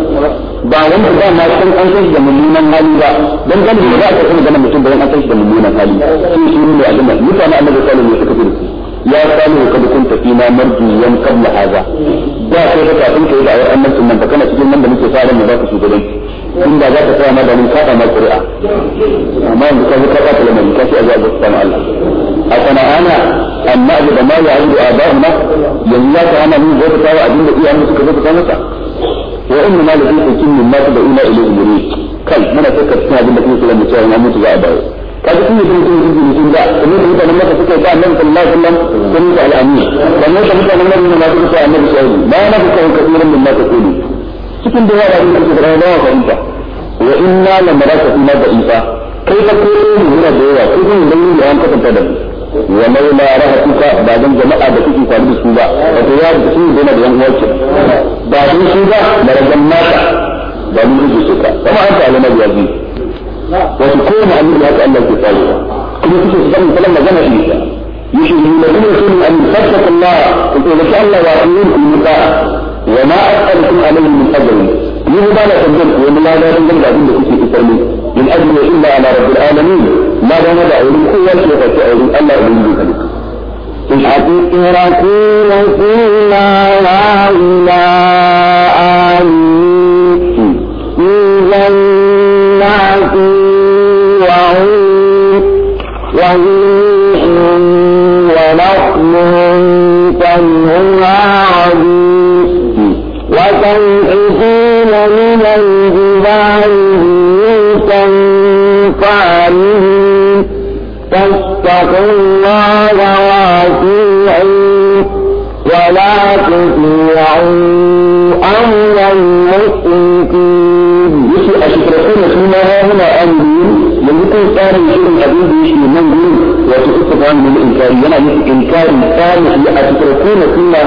Speaker 2: ba wanda ba ma san an san shi da mummunan hali ba dan dan da za a san da mutum da an san shi da mummunan hali sai su ne a jama'a mutane annabi sallallahu alaihi wasallam suka ya samu ka da kunta fina marjiyan qabla hadha da sai ka kafin kai da ayar annabi nan ba kana cikin nan da muke sa ran mu za ka shugabanci inda za ka tsaya ma da mun kafa mai ƙuri'a amma yanzu ka zo ka kafa lamari ka ce a zuwa zuwa Allah a sana'ana amma abu da ma ya yi da abahu na yanzu za ka hana mun zo ka tawo abin da iyayen suka zo ka masa wa inna ma lafi hukum min ma da ila ila umuri kai muna saka cikin abin da kuma sulamu cewa na mutu za a dawo kaga kun yi sun yi sun yi sun da kamar da mutanen maka suka ba annabi sallallahu alaihi wasallam sun yi al'amin kamar da mutanen maka suka ba annabi sallallahu alaihi wasallam ma na kuka kafirin min ma ta kuli cikin da yawa ne suke da yawa ga Isa wa inna la maraka ila da Isa kai ka ko ne muna da yawa ko ne dan yi an kasanta da wa laula rahatuka ba dan jama'a da kike kwari da su ba wato ya da su da yan uwa ba dan su ba da ragan mata da mun ji su ka kuma an ta alama ya ji wato ko mu annabi ya Allah ke tsare kuma kuke su dan kallon magana Isa يشهد الذين يقولون أن فاتقوا الله وإن شاء الله وأطيعوا المطاعة wa ma as'alukum alayhi min yi ni ba na tambayar ku wani lada dan gaba abin da kuke isar ni in ajru illa ala rabbil alamin ma da da wurin kowa ke da ta wurin رسول قلنا لا إله في جنات وعيون ومن ونخل تنهى عظيم مستنحين من الجبال بيوتا فعلهم فاتقوا الله واطيعوه ولا تطيعوا أمر المشركين. أشركون فيما هاهنا أمرين yanzu kun tsarin irin abin da yake nan gurin wato uku ba mu inkari yana yin inkari tsarin shi a cikin kuma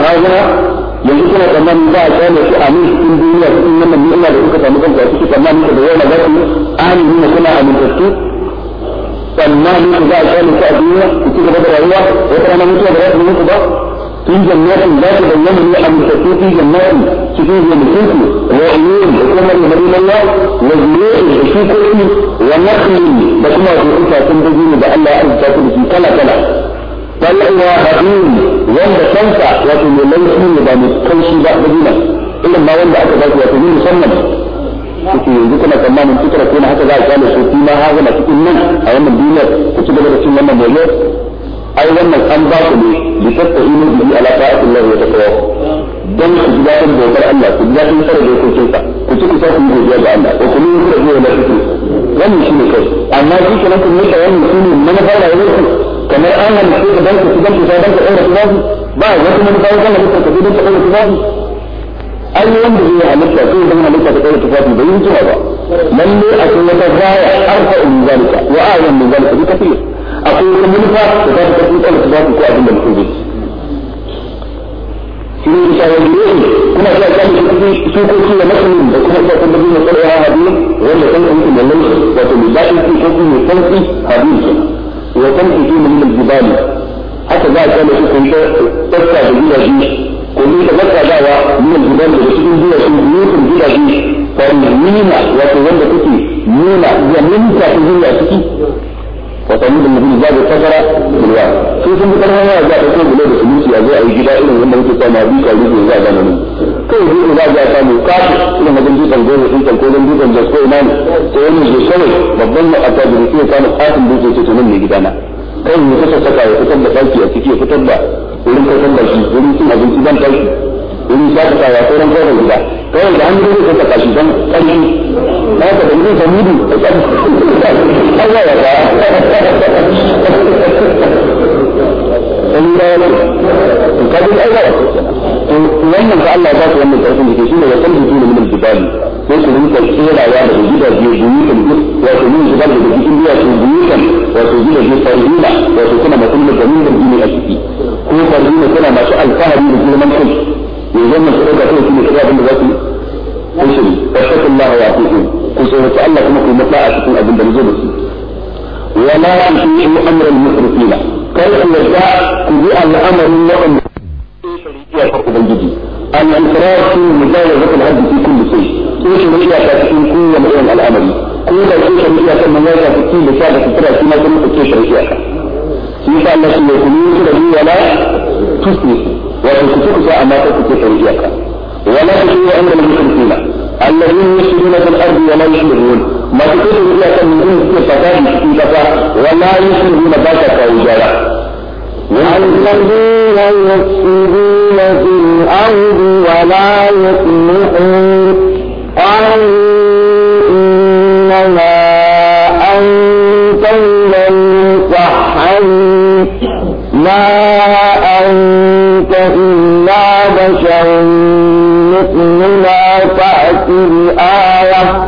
Speaker 2: yanzu kuna tsammanin za a kyale su amin cikin duniya cikin wannan ni'ima da kuka samu kanku a ciki tsammanin ku da yau za ku amin ne kuna amintattu tsammanin ku za a kyale su a duniya ku ci gaba da rayuwa wata rana mutuwa da za ku mutu ba في جنات لا تبين لي أن تكون في جنات تكون جنسيك وعيون وكما يمرين الله وزيوء وشيكوك ونخل بكما في حسا تنبذين بأن لا أرزاك بكي كلا كلا wallahi rahim wanda kanka wato mai laushi ne ba mai kaushi ba gina irin ba wanda aka baki wato ni musamman kuke yanzu kuna tsammanin cikar ko na haka za a kyale su fi ma haza na cikin nan a wannan duniyar ku ci gaba da cin wannan mai ai wannan an ba ku ne bi tattahimu bihi ala ta'atillah wa taqwa ku ji dadin dokar Allah ku ji dadin sarar dokokin sa ku ci ku sa godiya ga Allah ko kuma ku rabu da lafiya wannan shine kai amma shi kenan kun yi wannan shine manufar rayuwar kamar an halittu da danka su danka sai danka ɗaura su zafi ba wata manufa ya zama mutum ka danka ɗaura su zafi an yi wanda zai halitta sai zama halitta da ɗaura su bai yi jima ba lalle akwai wata raya arfa in zalika wa a'yan min zalika bi kafir akwai wata manufa da za ta ɗaura su ko abin da mutum zai shi ne bisa wani ne kuna sa kan da kuma sokoki da masanin da kuma sa kan da kuma sarrafa hadin wanda kan kan da lalle wato mai daɗin ko kuma mai sauƙi hadin kenan wa kan fi min al-jibal haka za ka ne kun ta tsaka da gidaje ko ni da tsaka dawa min al-jibal da cikin gidaje ne kun gidaje ma nina wato wanda kuke nina ya minta ta gidaje ciki wa tamid al-nabi ba da tsakara bilwa sun bi karfa ya ga ko da sulusi ya zo a yi gida irin wanda muke tsama bi ka rubuta za ga nan kawai duk da ya mu kashi ina magan dutsen goma din kan ko dutsen da ko ina ne to yana je kawai babban mu a tabi ya kama kasin dutse ce to nan gidana kawai ne kasa saka ya fitar da a ciki ya fitar da wurin kautan baki wurin cin abinci dan sarki wurin shakatawa ko ran kawai gida kawai da hannu zai saka kashi don sarki na ka da ni da mudu Allah ya ga Allah ya ga ya
Speaker 1: wannan ga Allah ya ba su wannan karfin
Speaker 2: da ke shi ne ya san jiki min al-jibali sai su rinka tsirawa da gidaje buyutan duk wato min jibali da cikin biya su buyutan wato gidaje farhina wato kuna masu da jami'in dini a ciki ko farhina kuna masu alfahari da girman kai yanzu wannan su ɗauka kai su ne kaga abin da za su yi fatakun Allah ya fi ku tsorata Allah kuma ku mutla a cikin abin da zo da su wala tusiu amral musrifina kar ku yarda ku bi al'amarin waɗanda iyakar ubangiji al-infirar shi ne mujawazat al-hadd fi kulli shay ko shi ne iyaka cikin kowane irin al'amari ko da shi shi ne iyaka nan ya shafi cikin da shafi fitra shi ma sun ko shi ne iyaka shi yasa Allah shi ne kullu shi da duwa la tusbi wa tusbi sa amma ta ko shi ne iyaka wala tusbi amra al-mushrikina alladhina yushrikuna fil ardi wa la yushrikun ma tusbi iyaka min dun fi fasadi fi kafa wa la yushrikuna ba ta kawo jara الذين يفسدون في الأرض ولا يصلحون قالوا إنما أنت من صحني ما أنت إلا بشر مثلنا فأتي الآية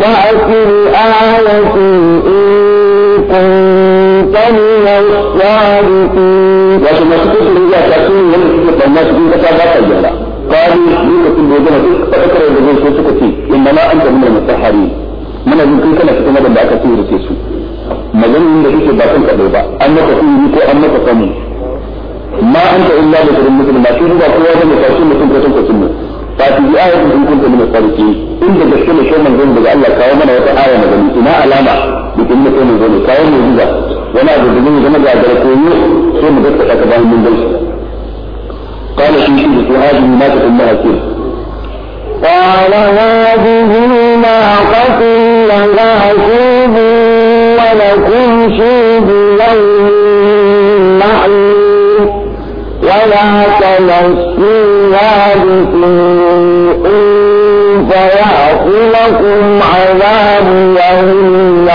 Speaker 2: فأتي الآية إن kunta min as-sadiqin wato masu kusurin ya ta sun wani suke banna cikin kasa ba ta gyara kwari lokacin da ya gama duk fadakar da zai so suka ce inda ma su maganin ba ba ko an ما أنت إلا بشر مثل ما تقول إذا كل هذا متعشم مثل كتم كتم فأتي بآية إن كنت من الصادقين إن تجسل شو من ذنب الله كاومنا وتعالى مدني إما علامة in na kai manzo ne kayan mu zuga wani abu da zai zama ga gare koyo sai mu gaskata ka bayan mun dai قال في شيء هذه ناقة لها قال هذه ناقة لها كيل ولكم شيب يوم معلوم ولا تمسوها بسوء فيأخذكم عذاب يوم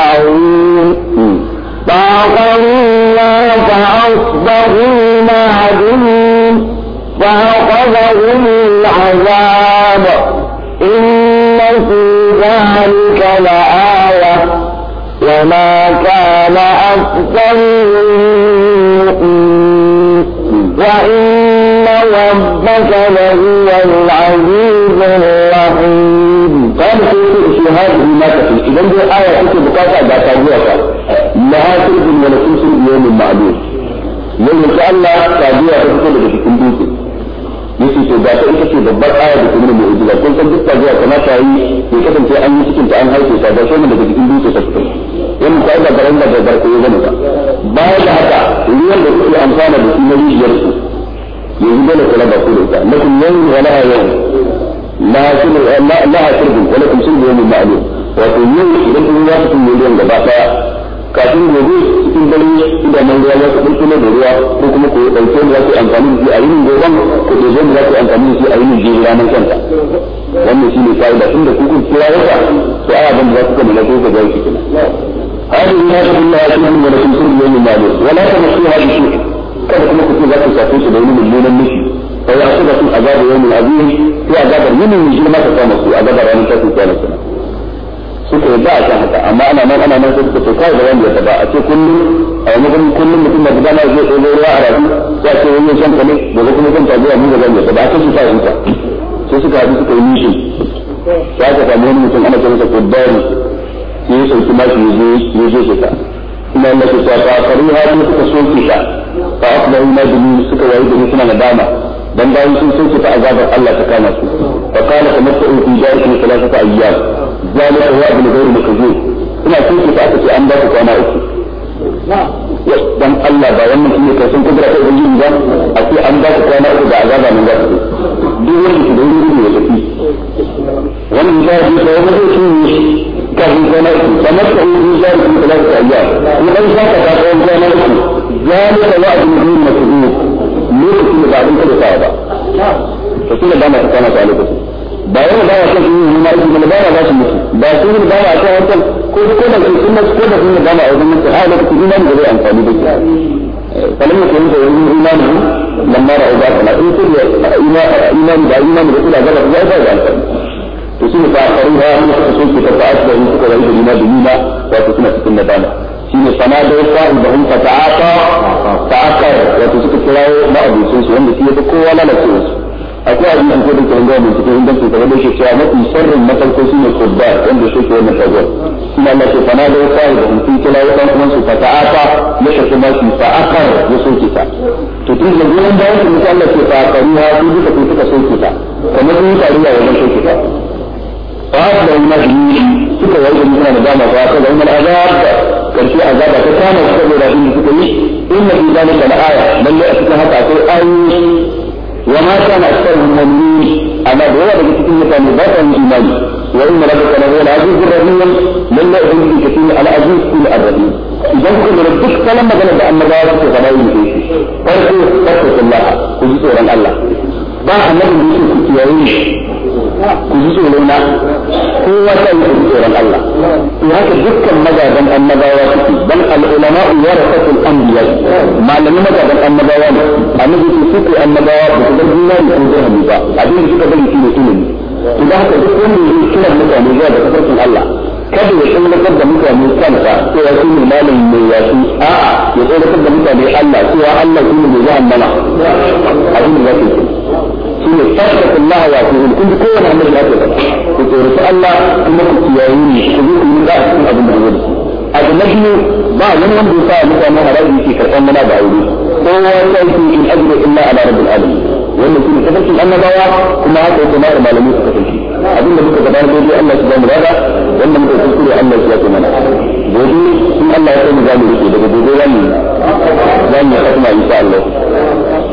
Speaker 2: فأخذوا الله فأصبحوا نادمين فأخذهم العذاب إن في ذلك لآية وما كان أكثر مؤمن وإن ربك لهو العزيز الرحيم قال سيد الشهاد بما تفي إذا دي آية تكي بقاطع ذات أبوك لها سيد ونفوس اليوم المعلوم يوم إن شاء الله تعزيها تكون بشكل بيتي yace to ba ta ita ce babbar aya da kuma mu'jiza kun aka duk tabiya kamata yi ya kasance an yi cikin ta an haife ta ga shi daga cikin dutse ta fito wannan ta da garan da garko ya zama ba bayan da haka ruwan da suke da su na rijiyar yanzu dole ku raba ku da ita lakum yawm wa la yawm la shirbu la shirbu wa lakum shirbu yawm ma'lum wato yau idan kun ya fitin miliyan gaba daya kafin gobe cikin dare idanun ruwa za ya ɗauki na da ruwa ko kuma ku ɗauke da za ku amfani da shi a yinin goban ku ɗauke da za ku amfani da shi a yinin jiri ranar kanta wannan shi ne fa'ida inda ku kun kira wata to ana ban da za ku kama na kuka ga shi kenan هذه الناس بالله عليكم ولكم سر يوم معلوم ولا تمسوها بسوء kada kuma ku za ku shafe shi da wani mummunan mishi fa ya shiga sun azabu yawmin azim ko azabar yinin shi ma ta kama su azabar ranar tashin kiyama kenan suka yi ba a kan haka amma ana nan ana nan sai suka ce da wanda ya ba a ce kullum a wani gurin kullum mutum na gudana zai ɗago ruwa a rafi ya ce wani shan kane gobe kuma kan tabiya mu da wanda ba a ce su sa yanka sai suka haɗu suka yi nishin ya ka samu wani mutum ana ce masa kuddari sai ya sauki mashi ya zo ya zo shi kuma Allah ke cewa kafaru ha ne suka soke ta fa asbahu nadimin suka wayi da suna nadama dan bayan sun soke ta azabar Allah ta kama su fa qala tamattu fi jarikum thalathata ayyam zalika wa'd ghayr kuma ina soke ta ce an ba ku kwana uku dan Allah ba wannan shine kai sun kudura ta ubangiji ba a ce an ba ku kwana uku da azaba nan za su duk wanda shi da wuri ne
Speaker 1: ya tafi wannan
Speaker 2: ya yi da wani shi kafin kwana uku kamar ka yi zuwa da kuma talaka ayya in an sha ka da kwana uku zalika wa'adun yin masjid lokacin da ba yi kada sa ba to kuma ba ma kana ta lokacin ba yana ba wa kan yi ne ma ibi ba ba su mutu ba su yi ba wa kan ko ko da sun ko da sun ba ma a wajen mutu a lokacin imani da zai amfani da shi فلم يكن إيمانهم لما رأوا ذلك لكن كل إيمان إيمان الرسول أجابت جاء ذلك تسمى فآخرها من خصوص تتعاشى ويسك ويسك لما بلينا وتسمى في النبانة شين تتعاطى صاحبهم تتعاطى تعاقر وتسك كلاو ما أبو سوس وهم يتيبكوا ولا لا سوس akwai abin an kodin kiran gawa mai cikin inganci kamar da shi cewa mafi sharrin na su ne kubba wanda shi ke wannan shagon suna na ce fana da wata da mutum kila ya kuma su fata aka na shafi ma shi fa aka ya soke ta to tun da goyon bayan su mutum Allah ce fa karu ha su duka kun suka soke ta kamar sun yi taruwa wajen soke ta fa aka da wani mashi suka yi wajen suna da dama fa aka da wani azab karshe azaba ta kama su saboda inda suka yi inna fi zalika la lalle a cikin haka akwai ayoyi وما كان أكثرهم مؤمنين أما هو الذي تكون كان باطل الإيمان وإن ربك لهو العزيز الرحيم من لا يؤمن على عزيز كل الرحيم إذا كنت ربك فلما غلب أن مبارك غبائل فيه فرقوا فترة الله كجسورا الله ba annabi da yake ku ji na kowa wata yi tsoron Allah to haka dukkan mazajen annabawa suke dan al-ulama warasatul anbiya malamin mazajen annabawa ne annabi su suke annabawa ba su bar dinari ko dirhami ba abin da suka bari shi ne ilimi to da haka duk wanda yake kiran mutane zuwa ga tafarkin Allah kada ya tsoratar da mutane kansa cewa shi ne malamin mai yasu ya tsoratar da mutane Allah cewa Allah shi ne mai za'an abin da zai shine fattakullah wa tuhu kun ji kowane annabi da ake faɗa ku tsoraci Allah kuma ku kiyaye ni ku zo ku yi cikin abin da yake abu na biyu ba wani wanda ya sa mutane haraji ke karɓar mana da aure kowa ya yi in ajira illa ala rabbil alamin wannan shine tafarkin annabawa kuma haka yake na malamai suka tafi abin da muka gabatar daidai Allah shi ba rada wannan muka kuskure Allah ya ce mana gobe in Allah ya kai zamu rike daga gobe zamu zamu yi insha Allah